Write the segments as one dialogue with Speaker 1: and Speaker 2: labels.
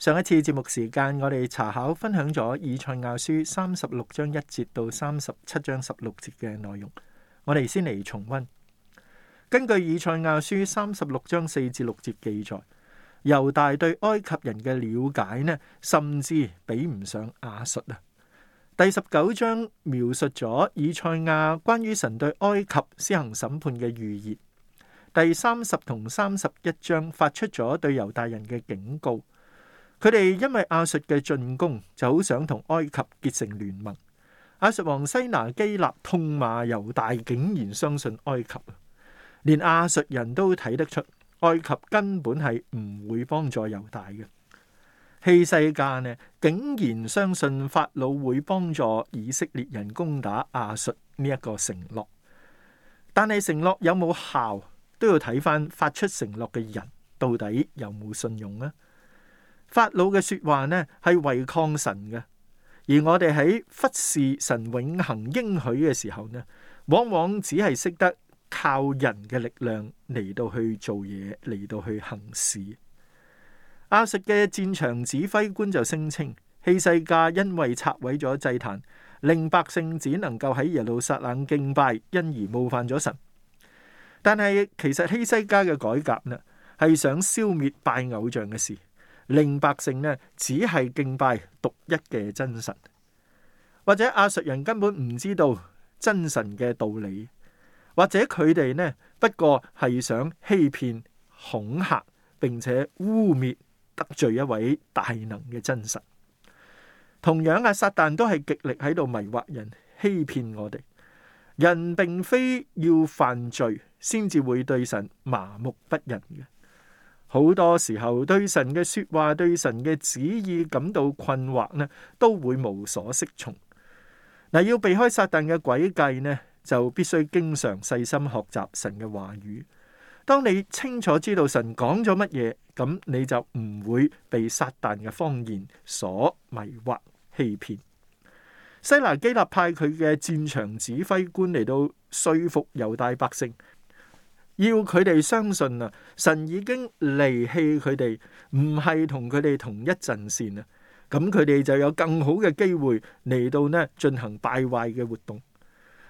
Speaker 1: 上一次節目時間，我哋查考分享咗以賽亞書三十六章一節到三十七章十六節嘅內容。我哋先嚟重温。根據以賽亞書三十六章四至六節記載，猶大對埃及人嘅了解呢，甚至比唔上亞述啊。第十九章描述咗以賽亞關於神對埃及施行審判嘅預言。第三十同三十一章發出咗對猶大人嘅警告。佢哋因為亞述嘅進攻，就好想同埃及結成聯盟。亞述王西拿基立痛罵猶大，竟然相信埃及啊，連亞述人都睇得出，埃及根本係唔會幫助猶大嘅。希西家呢，竟然相信法老會幫助以色列人攻打亞述呢一個承諾，但係承諾有冇效，都要睇翻發出承諾嘅人到底有冇信用啊。法老嘅說話呢，係違抗神嘅；而我哋喺忽視神永恒應許嘅時候呢，往往只係識得靠人嘅力量嚟到去做嘢，嚟到去行事。亞述嘅戰場指揮官就聲稱，希西家因為拆毀咗祭壇，令百姓只能夠喺耶路撒冷敬拜，因而冒犯咗神。但係其實希西家嘅改革呢，係想消滅拜偶像嘅事。令百姓呢，只係敬拜獨一嘅真神。或者亞述人根本唔知道真神嘅道理，或者佢哋呢，不過係想欺騙、恐嚇，並且污蔑得罪一位大能嘅真神。同樣啊，撒旦都係極力喺度迷惑人、欺騙我哋。人並非要犯罪先至會對神麻木不仁嘅。好多時候對神嘅說話，對神嘅旨意感到困惑呢，都會無所適從。嗱，要避開撒旦嘅詭計呢，就必須經常細心學習神嘅話語。當你清楚知道神講咗乜嘢，咁你就唔會被撒旦嘅謊言所迷惑欺騙。西拿基立派佢嘅戰場指揮官嚟到說服猶大百姓。要佢哋相信啊，神已經離棄佢哋，唔係同佢哋同一陣線啊。咁佢哋就有更好嘅機會嚟到呢進行敗壞嘅活動。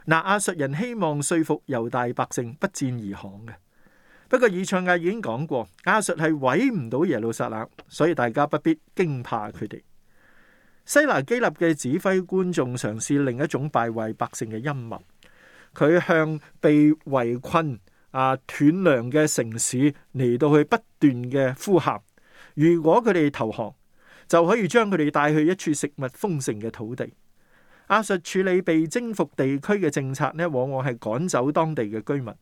Speaker 1: 嗱、呃，亞述人希望說服猶大百姓不戰而降嘅。不過，以賽亞已經講過，亞述係毀唔到耶路撒冷，所以大家不必驚怕佢哋。西拿基立嘅指揮官仲嘗試另一種敗壞百姓嘅陰謀，佢向被圍困。啊！斷糧嘅城市嚟到去不斷嘅呼喊，如果佢哋投降，就可以將佢哋帶去一處食物豐盛嘅土地。亞述處理被征服地區嘅政策咧，往往係趕走當地嘅居民，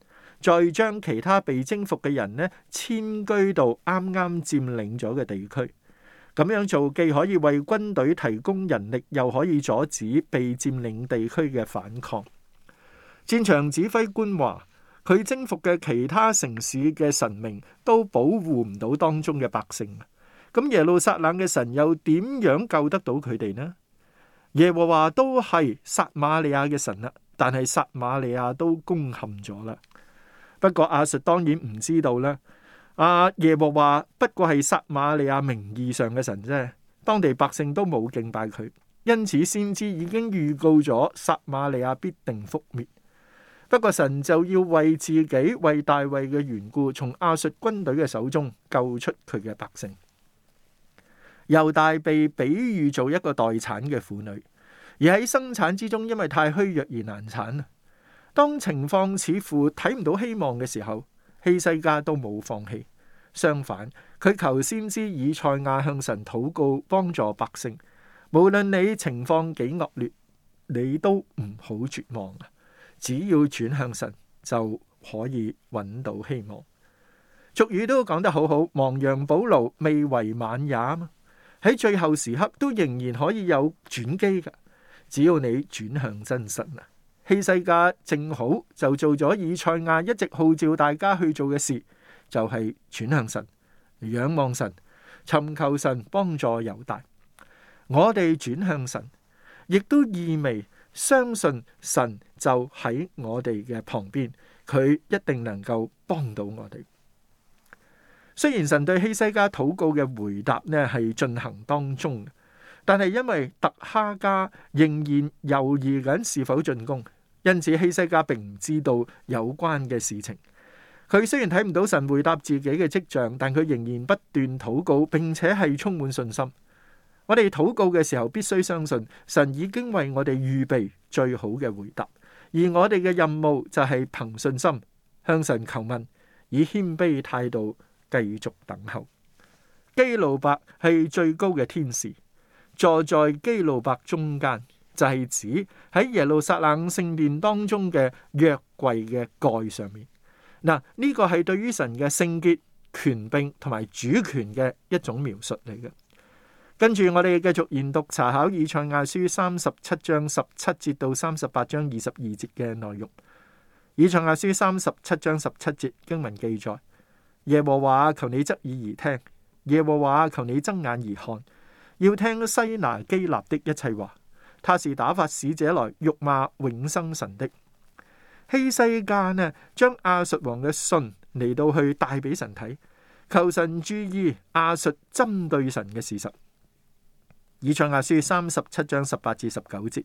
Speaker 1: 再將其他被征服嘅人咧遷居到啱啱佔領咗嘅地區。咁樣做既可以為軍隊提供人力，又可以阻止被佔領地區嘅反抗。戰場指揮官話。佢征服嘅其他城市嘅神明都保護唔到當中嘅百姓，咁耶路撒冷嘅神又點樣救得到佢哋呢？耶和華都係撒瑪利亞嘅神啦，但係撒瑪利亞都攻陷咗啦。不過亞述、啊、當然唔知道啦。阿、啊、耶和華不過係撒瑪利亞名義上嘅神啫，當地百姓都冇敬拜佢，因此先知已經預告咗撒瑪利亞必定覆滅。不過神就要為自己、為大衛嘅緣故，從亞述軍隊嘅手中救出佢嘅百姓。猶大被比喻做一個待產嘅婦女，而喺生產之中，因為太虛弱而難產啊！當情況似乎睇唔到希望嘅時候，希西家都冇放棄，相反，佢求先知以賽亞向神禱告，幫助百姓。無論你情況幾惡劣，你都唔好絕望只要轉向神就可以揾到希望。俗語都講得好好，亡羊補牢，未為晚也嘛。喺最後時刻都仍然可以有轉機㗎。只要你轉向真神啊，希西家王正好就做咗以賽亞一直號召大家去做嘅事，就係、是、轉向神、仰望神、尋求神幫助猶大。我哋轉向神，亦都意味相信神。就喺我哋嘅旁邊，佢一定能夠幫到我哋。雖然神對希西家禱告嘅回答呢係進行當中，但係因為特哈加仍然猶豫緊是否進攻，因此希西家並唔知道有關嘅事情。佢雖然睇唔到神回答自己嘅跡象，但佢仍然不斷禱告，並且係充滿信心。我哋禱告嘅時候必須相信，神已經為我哋預備最好嘅回答。而我哋嘅任務就係憑信心向神求問，以謙卑態度繼續等候。基路伯係最高嘅天使，坐在基路伯中間就係、是、指喺耶路撒冷聖殿殿當中嘅約櫃嘅蓋上面。嗱，呢個係對於神嘅聖潔、權柄同埋主權嘅一種描述嚟嘅。跟住，我哋繼續研讀查考《以賽亞書》三十七章十七節到三十八章二十二節嘅內容。《以賽亞書》三十七章十七節經文記載：耶和華，求你側耳而聽，耶和華，求你睜眼而看，要聽西拿基立的一切話。他是打發使者來辱罵永生神的。希西家呢，將亞述王嘅信嚟，到去帶俾神睇，求神注意亞述針對神嘅事實。以賽亞書三十七章十八至十九節，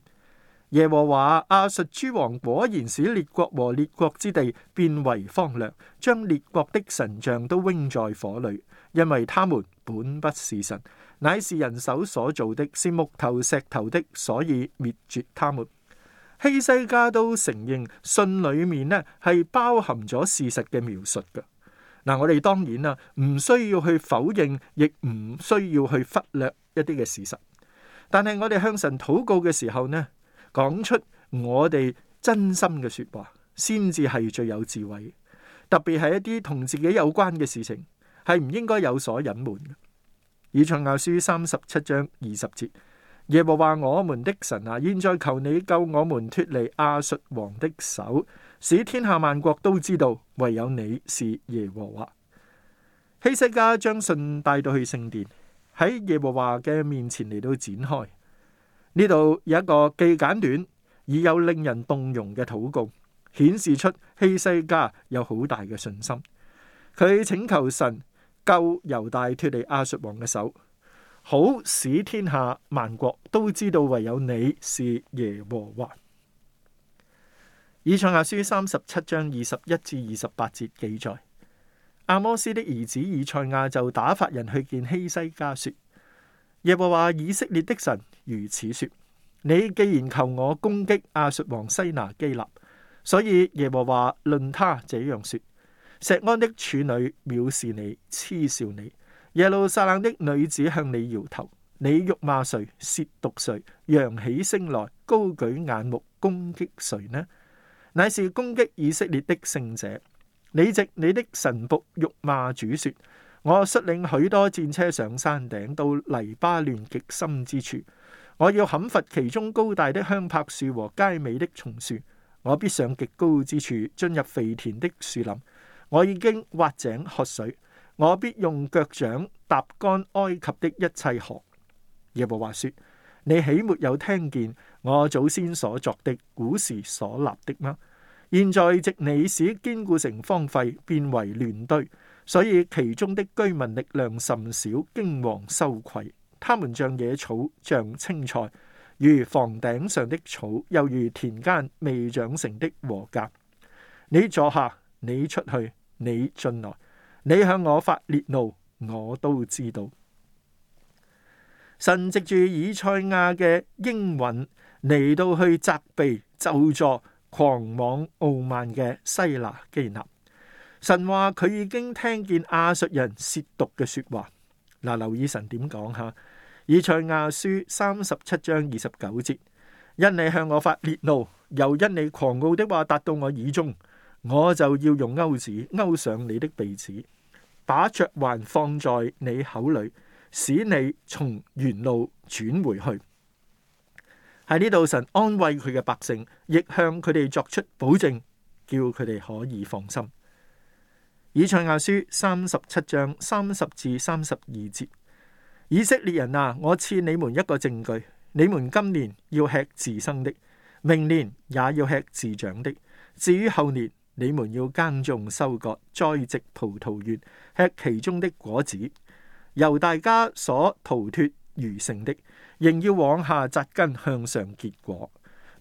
Speaker 1: 耶和華啊，亞述諸王果然使列國和列國之地變為荒涼，將列國的神像都扔在火裡，因為他們本不是神，乃是人手所造的，是木頭石頭的，所以滅絕他們。希西家都承認信裡面呢係包含咗事實嘅描述嘅。嗱，我哋當然啦、啊，唔需要去否認，亦唔需要去忽略，一啲嘅事實，但係我哋向神禱告嘅時候呢，講出我哋真心嘅說話，先至係最有智慧。特別係一啲同自己有關嘅事情，係唔應該有所隱瞞嘅。以賽亞書三十七章二十節，耶和華我們的神啊，現在求你救我們脫離亞述王的手，使天下萬國都知道唯有你是耶和華。希西家將信帶到去聖殿。喺耶和華嘅面前嚟到展開，呢度有一個既簡短而又令人動容嘅禱告，顯示出希西家有好大嘅信心。佢請求神救猶大脫離亞述王嘅手，好使天下萬國都知道唯有你是耶和華。以賽亞書三十七章二十一至二十八節記載。阿摩斯的兒子以賽亞就打發人去見希西，西家說：耶和華以色列的神如此說：你既然求我攻擊亞述王西拿基立，所以耶和華論他這樣說：錫安的處女藐視你，嗤笑你；耶路撒冷的女子向你搖頭。你辱罵誰，褻瀆誰？揚起聲來，高舉眼目，攻擊誰呢？乃是攻擊以色列的聖者。你藉你的臣僕辱罵主說：我率領許多戰車上山頂，到黎巴嫩極深之處，我要砍伐其中高大的香柏樹和佳美的松樹。我必上極高之處，進入肥田的樹林。我已經挖井喝水，我必用腳掌踏乾埃及的一切河。耶和華說：你豈沒有聽見我早先所作的，古時所立的嗎？現在，直尼使堅固城荒廢，變為亂堆，所以其中的居民力量甚少，驚惶羞愧。他們像野草，像青菜，如房頂上的草，又如田間未長成的禾稼。你坐下，你出去，你進來，你向我發烈怒，我都知道。神藉住以賽亞嘅英魂嚟到去責備、就坐。狂妄傲慢嘅西拿基拿，神話佢已經聽見亞述人褻瀆嘅說話。嗱，留意神點講吓，以賽亞書三十七章二十九節，因你向我發烈怒，又因你狂傲的話達到我耳中，我就要用鈎子鈎上你的鼻子，把嚼環放在你口裏，使你從原路轉回去。喺呢度，神安慰佢嘅百姓，亦向佢哋作出保證，叫佢哋可以放心。以賽亞書三十七章三十至三十二節：以色列人啊，我賜你們一個證據，你們今年要吃自生的，明年也要吃自長的，至於後年，你們要耕種收割，栽植葡萄園，吃其中的果子，猶大家所逃脫餘剩的。仍要往下紮根，向上結果。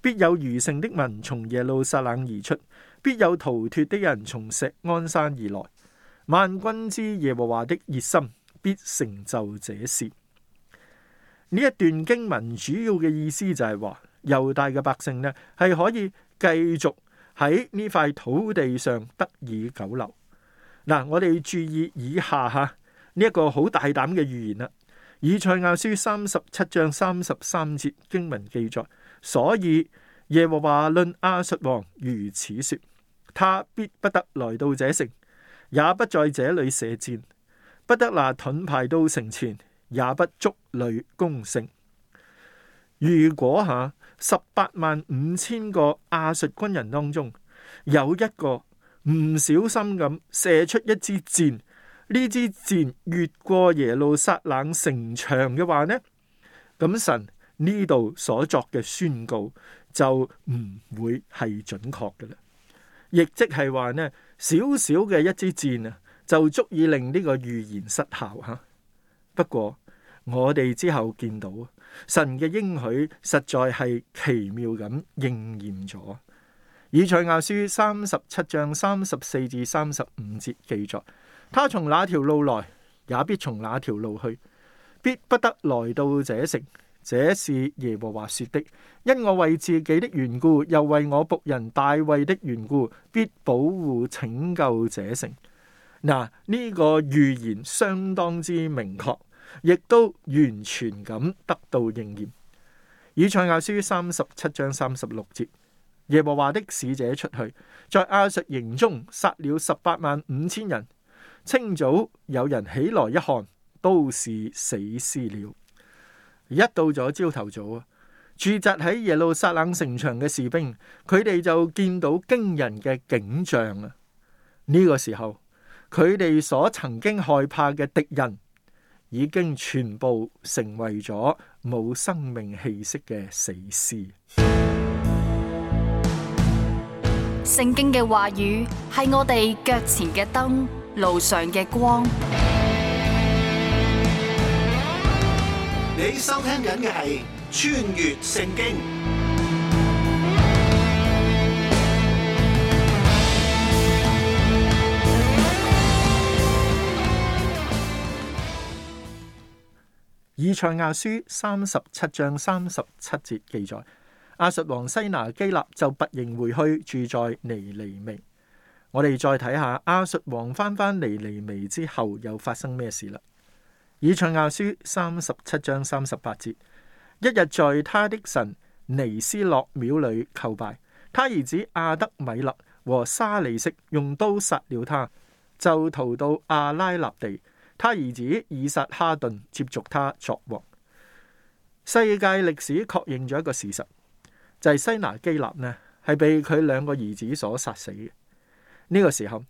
Speaker 1: 必有餘剩的民從耶路撒冷而出，必有逃脱的人從錫安山而來。萬軍之耶和華的熱心必成就這事。事。呢一段經文主要嘅意思就係話猶大嘅百姓呢係可以繼續喺呢塊土地上得以久留。嗱，我哋要注意以下吓呢一個好大膽嘅預言啦。以賽亞書三十七章三十三節經文記載，所以耶和華論亞述王如此說：他必不得來到這城，也不在這裏射箭，不得拿盾牌到城前，也不築壘攻城。如果吓十八萬五千個亞述軍人當中有一個唔小心咁射出一支箭，呢支箭越過耶路撒冷城牆嘅話呢，咁神呢度所作嘅宣告就唔會係準確嘅啦。亦即係話呢，小小嘅一支箭啊，就足以令呢個預言失效吓。不過我哋之後見到神嘅應許實在係奇妙咁應驗咗。以賽亞書三十七章三十四至三十五節記載，他從哪條路來，也必從哪條路去，必不得來到這城。這是耶和華說的，因我為自己的緣故，又為我僕人大衛的緣故，必保護拯救這城。嗱，呢、這個預言相當之明確，亦都完全咁得到應驗。以賽亞書三十七章三十六節，耶和華的使者出去，在亞述營中殺了十八萬五千人。清早有人起來一看，都是死屍了。一到咗朝頭早啊，駐紮喺耶路撒冷城牆嘅士兵，佢哋就見到驚人嘅景象啊！呢個時候，佢哋所曾經害怕嘅敵人，已經全部成為咗冇生命氣息嘅死屍。聖經嘅話語係我哋腳前嘅燈路上嘅光，你收聽緊嘅係《穿越聖經》。以賽亞書三十七章三十七節記載：亞述王西拿基立就拔營回去，住在尼尼微。」我哋再睇下亞述王翻翻尼尼微之後又發生咩事啦？以賽亞書三十七章三十八節，一日在他的神尼斯洛廟裏叩拜，他兒子阿德米勒和沙利色用刀殺了他，就逃到阿拉納地。他兒子以撒哈頓接續他作王。世界歷史確認咗一個事實，就係、是、西拿基納呢係被佢兩個兒子所殺死嘅。呢個時候，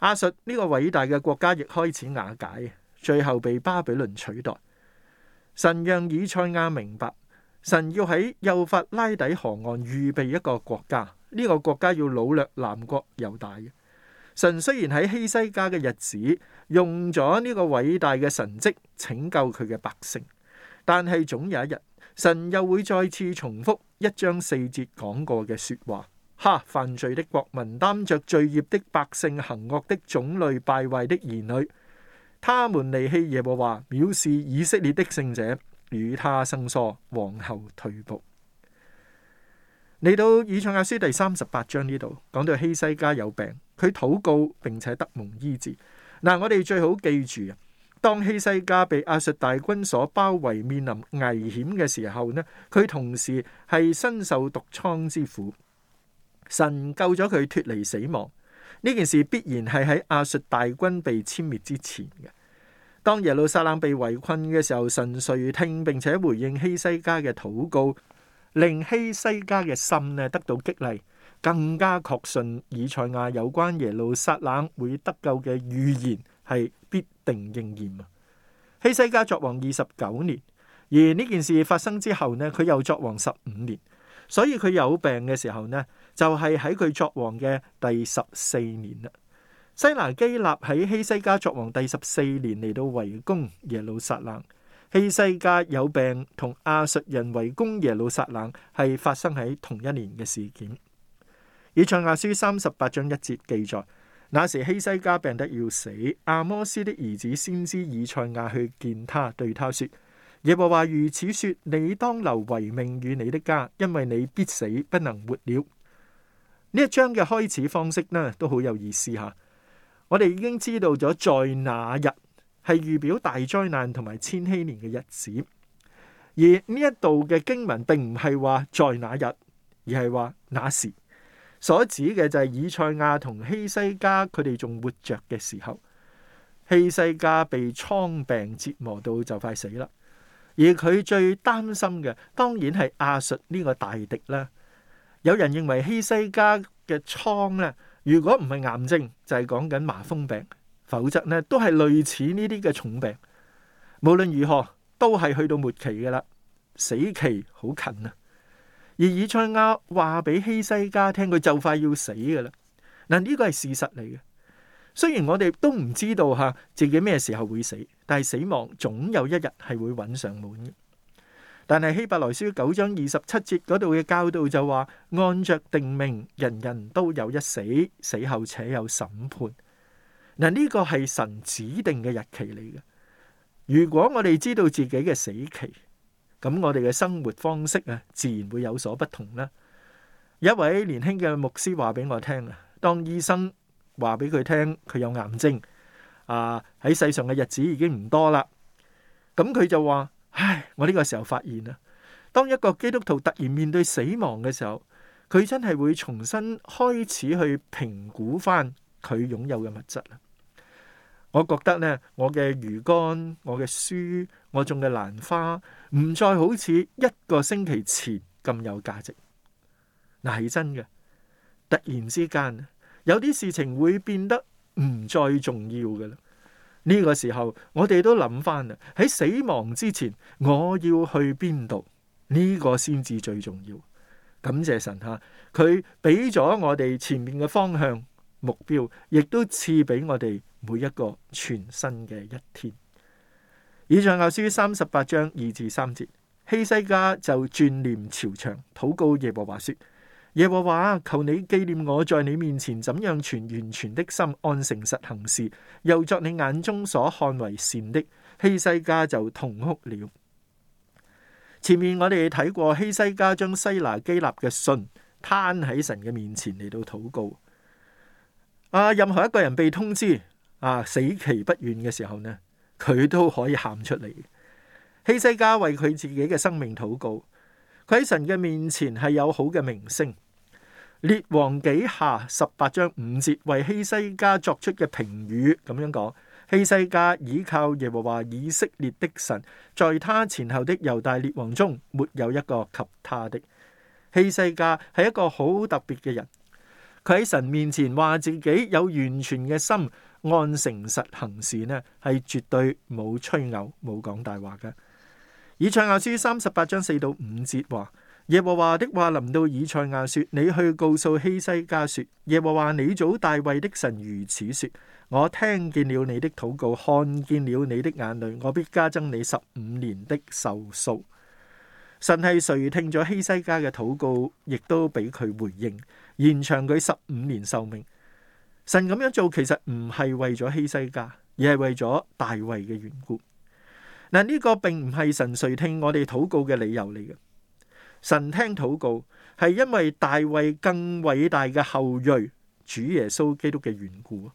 Speaker 1: 亞述呢個偉大嘅國家亦開始瓦解，最後被巴比倫取代。神讓以賽亞明白，神要喺幼發拉底河岸預備一個國家，呢、這個國家要擄掠南國猶大。神雖然喺希西家嘅日子用咗呢個偉大嘅神蹟拯救佢嘅百姓，但係總有一日，神又會再次重複一章四節講過嘅說話。他、啊、犯罪的國民，擔着罪孽的百姓，行惡的種類，敗壞的兒女，他們離棄耶和華，藐視以色列的聖者，與他生疏，往後退步。嚟到以賽亞書第三十八章呢度，講到希西家有病，佢禱告並且得蒙醫治。嗱，我哋最好記住啊，當希西家被亞述大軍所包圍，面臨危險嘅時候呢，佢同時係身受毒瘡之苦。神救咗佢脫離死亡，呢件事必然係喺亞述大軍被殲滅之前嘅。當耶路撒冷被圍困嘅時候，神垂聽並且回應希西家嘅禱告，令希西家嘅心呢得到激勵，更加確信以賽亞有關耶路撒冷會得救嘅預言係必定應驗啊！希西家作王二十九年，而呢件事發生之後呢，佢又作王十五年。所以佢有病嘅時候呢，就係喺佢作王嘅第十四年啦。西拿基立喺希西家作王第十四年嚟到圍攻耶路撒冷。希西家有病，同亞述人圍攻耶路撒冷係發生喺同一年嘅事件。以賽亞書三十八章一節記載，那時希西家病得要死，阿摩斯的兒子先知以賽亞去見他，對他說。耶和華如此說：你當留遺命與你的家，因為你必死，不能活了。呢一章嘅開始方式呢，都好有意思吓。我哋已經知道咗，在那日係預表大災難同埋千禧年嘅日子，而呢一度嘅經文並唔係話在那日，而係話那時，所指嘅就係以賽亞同希西家，佢哋仲活着嘅時候，希西家被瘡病折磨到就快死啦。而佢最擔心嘅當然係亞述呢個大敵啦。有人認為希西家嘅瘡咧，如果唔係癌症，就係講緊麻風病，否則咧都係類似呢啲嘅重病。無論如何，都係去到末期㗎喇，死期好近啊！而以賽亞話俾希西家聽，佢就快要死㗎喇。嗱，呢個係事實嚟嘅。雖然我哋都唔知道吓、啊、自己咩時候會死，但係死亡總有一日係會揾上門。但係希伯來書九章二十七節嗰度嘅教導就話，按着定命，人人都有一死，死後且有審判。嗱，呢個係神指定嘅日期嚟嘅。如果我哋知道自己嘅死期，咁我哋嘅生活方式啊，自然會有所不同啦。一位年輕嘅牧師話俾我聽啊，當醫生。話俾佢聽，佢有癌症，啊喺世上嘅日子已經唔多啦。咁佢就話：唉，我呢個時候發現啦，當一個基督徒突然面對死亡嘅時候，佢真係會重新開始去評估翻佢擁有嘅物質。我覺得呢，我嘅魚竿、我嘅書、我種嘅蘭花，唔再好似一個星期前咁有價值。嗱，係真嘅，突然之間。有啲事情會變得唔再重要嘅啦。呢、這個時候，我哋都諗翻啦。喺死亡之前，我要去邊度？呢、這個先至最重要。感謝神吓，佢俾咗我哋前面嘅方向、目標，亦都賜俾我哋每一個全新嘅一天。以賽亞書三十八章二至三節，希西家就轉念朝牆禱告耶和華說。耶和華，求你紀念我在你面前怎樣存完全的心，按誠實行事，又作你眼中所看為善的。希西家就痛哭了。前面我哋睇過希西家將西拿基立嘅信攤喺神嘅面前嚟，到禱告。啊，任何一個人被通知啊死期不遠嘅時候呢，佢都可以喊出嚟。希西家為佢自己嘅生命禱告，佢喺神嘅面前係有好嘅名聲。列王記下十八章五節為希西家作出嘅評語，咁樣講：希西家倚靠耶和華以色列的神，在他前後的猶大列王中，沒有一個及他的。希西家係一個好特別嘅人，佢喺神面前話自己有完全嘅心，按誠實行事呢，係絕對冇吹牛，冇講大話嘅。以賽亞書三十八章四到五節話。耶和華的話臨到以賽亞說：你去告訴希西家說，耶和華你祖大衛的神如此說：我聽見了你的禱告，看見了你的眼淚，我必加增你十五年的壽數。神係垂聽咗希西家嘅禱告，亦都俾佢回應，延長佢十五年壽命。神咁樣做其實唔係為咗希西家，而係為咗大衛嘅緣故。嗱，呢個並唔係神垂聽我哋禱告嘅理由嚟嘅。神聽禱告，係因為大衛更偉大嘅後裔主耶穌基督嘅緣故。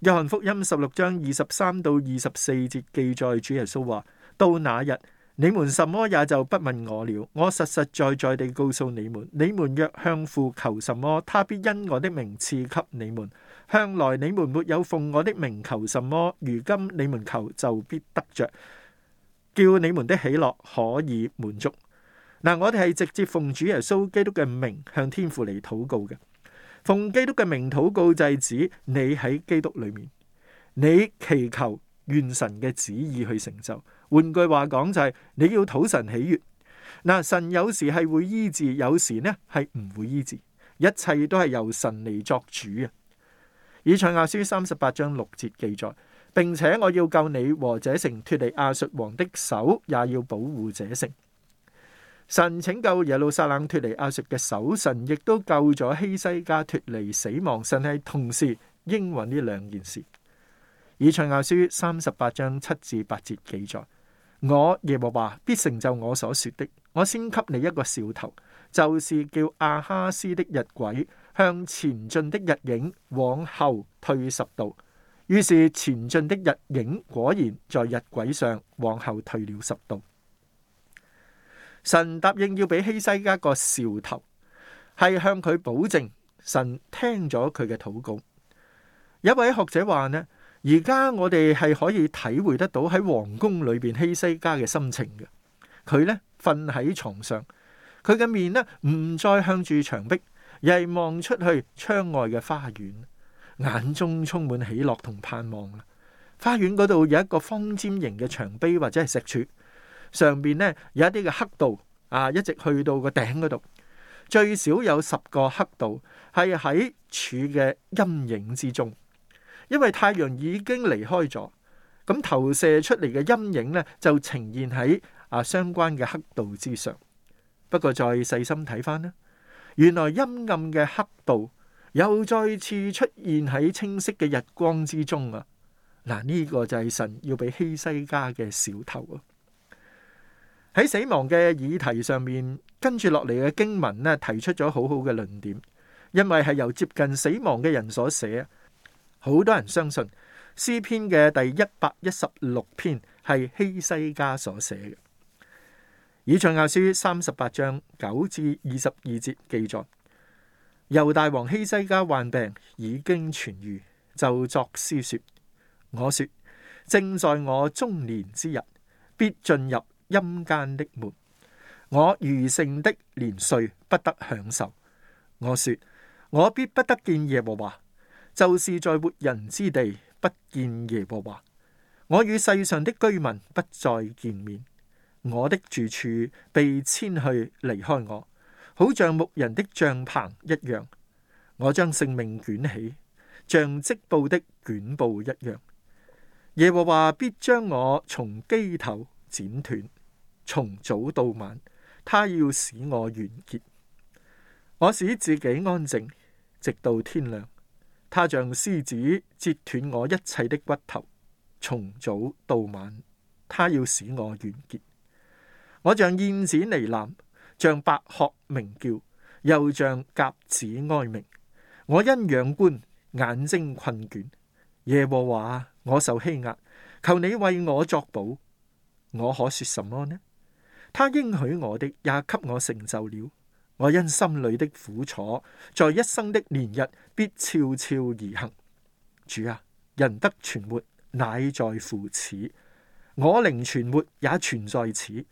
Speaker 1: 約翰福音十六章二十三到二十四節記載，主耶穌話：到那日，你們什麼也就不問我了。我實實在在地告訴你們，你們若向父求什麼，他必因我的名賜給你們。向來你們沒有奉我的名求什麼，如今你們求就必得着，叫你們的喜樂可以滿足。嗱、嗯，我哋係直接奉主耶穌基督嘅名向天父嚟禱告嘅，奉基督嘅名禱告就係指你喺基督裏面，你祈求願神嘅旨意去成就。換句話講就係、是、你要討神喜悅。嗱、嗯，神有時係會醫治，有時呢係唔會醫治，一切都係由神嚟作主嘅。以賽亞書三十八章六節記載，並且我要救你和這城脫離亞述王的手，也要保護這城。神拯救耶路撒冷脫離亞述嘅手，神亦都救咗希西家脫離死亡。神係同時應允呢兩件事。以賽亞書三十八章七至八節記載：我耶和華必成就我所說的。我先給你一個兆頭，就是叫亞哈斯的日軌向前進的日影往後退十度。於是前進的日影果然在日軌上往後退了十度。神答應要俾希西家個兆頭，係向佢保證神聽咗佢嘅禱告。有一位學者話呢，而家我哋係可以體會得到喺皇宮裏邊希西家嘅心情嘅。佢咧瞓喺床上，佢嘅面咧唔再向住牆壁，而係望出去窗外嘅花園，眼中充滿喜樂同盼望啦。花園嗰度有一個方尖形嘅牆碑，或者係石柱。上邊咧有一啲嘅黑道啊，一直去到個頂嗰度，最少有十個黑道係喺柱嘅陰影之中，因為太陽已經離開咗，咁投射出嚟嘅陰影咧就呈現喺啊相關嘅黑道之上。不過再細心睇翻咧，原來陰暗嘅黑道又再次出現喺清晰嘅日光之中啊！嗱、啊，呢、這個就係神要俾希西家嘅兆頭啊！喺死亡嘅議題上面，跟住落嚟嘅經文呢，提出咗好好嘅論點，因為係由接近死亡嘅人所寫，好多人相信詩篇嘅第一百一十六篇係希西家所寫嘅。以賽亞書三十八章九至二十二節記載，猶大王希西家患病已經痊愈，就作詩說：我說正在我中年之日，必進入。陰間的門，我餘剩的年歲不得享受。我說，我必不得見耶和華，就是在活人之地不見耶和華。我與世上的居民不再見面，我的住處被遷去離開我，好像牧人的帳篷一樣。我將性命捲起，像織布的捲布一樣。耶和華必將我從機頭剪斷。從早到晚，他要使我完結。我使自己安靜，直到天亮。他像獅子折斷我一切的骨頭。從早到晚，他要使我完結。我像燕子呢喃，像白鶴鳴叫，又像鴿子哀鳴。我因仰觀，眼睛困倦。耶和華，我受欺壓，求你為我作保。我可說什麼呢？他應許我的也給我成就了。我因心裏的苦楚，在一生的年日必悄悄而行。主啊，人得存活乃在乎此；我靈存活也全在此。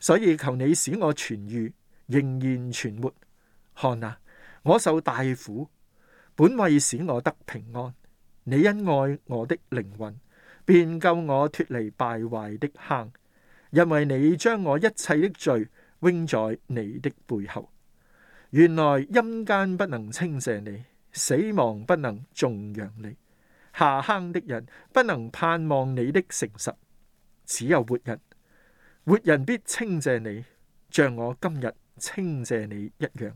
Speaker 1: 所以求你使我痊愈，仍然存活。看啊，我受大苦，本為使我得平安。你因愛我的靈魂，便救我脱離敗壞的坑。因為你將我一切的罪扔在你的背後，原來陰間不能稱謝你，死亡不能頌揚你，下坑的人不能盼望你的誠實，只有活人，活人必稱謝你，像我今日稱謝你一樣。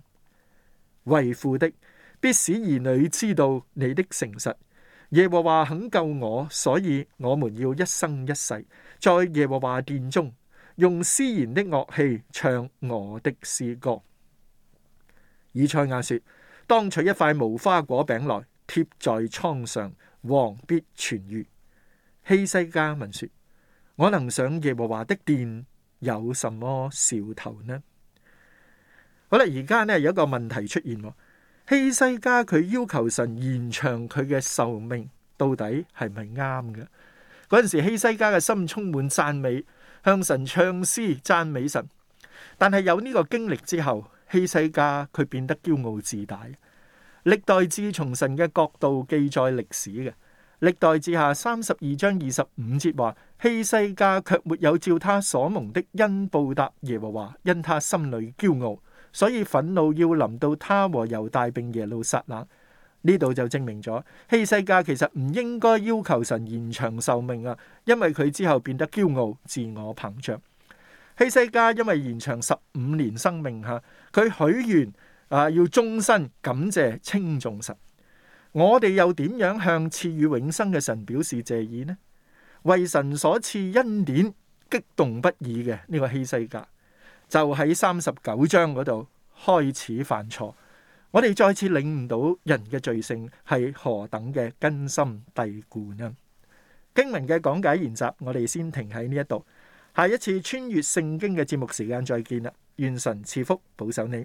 Speaker 1: 為父的必使兒女知道你的誠實。耶和華肯救我，所以我們要一生一世，在耶和華殿中，用詩言的樂器唱我的詩歌。以賽亞說：當取一塊無花果餅來貼在瘡上，王必痊癒。希西家問說：我能上耶和華的殿，有什麼兆頭呢？好啦，而家呢有一個問題出現，希西家佢要求神延長佢嘅壽命，到底係咪啱嘅？嗰陣時，希西家嘅心充滿讚美，向神唱詩讚美神。但係有呢個經歷之後，希西家卻變得驕傲自大。歷代志，從神嘅角度記載歷史嘅歷代志下三十二章二十五節話：希西家卻沒有照他所蒙的恩報答耶和華，因他心裏驕傲，所以憤怒要臨到他和猶大並耶路撒冷。呢度就證明咗希西家其實唔應該要求神延長壽命啊，因為佢之後變得驕傲、自我膨脹。希西家因為延長十五年生命吓、啊，佢許願啊要終身感謝稱頌神。我哋又點樣向賜予永生嘅神表示謝意呢？為神所賜恩典激動不已嘅呢、這個希西家，就喺三十九章嗰度開始犯錯。我哋再次領悟到人嘅罪性係何等嘅根深蒂固呢？經文嘅講解研習，我哋先停喺呢一度。下一次穿越聖經嘅節目時間再見啦！願神賜福保守你。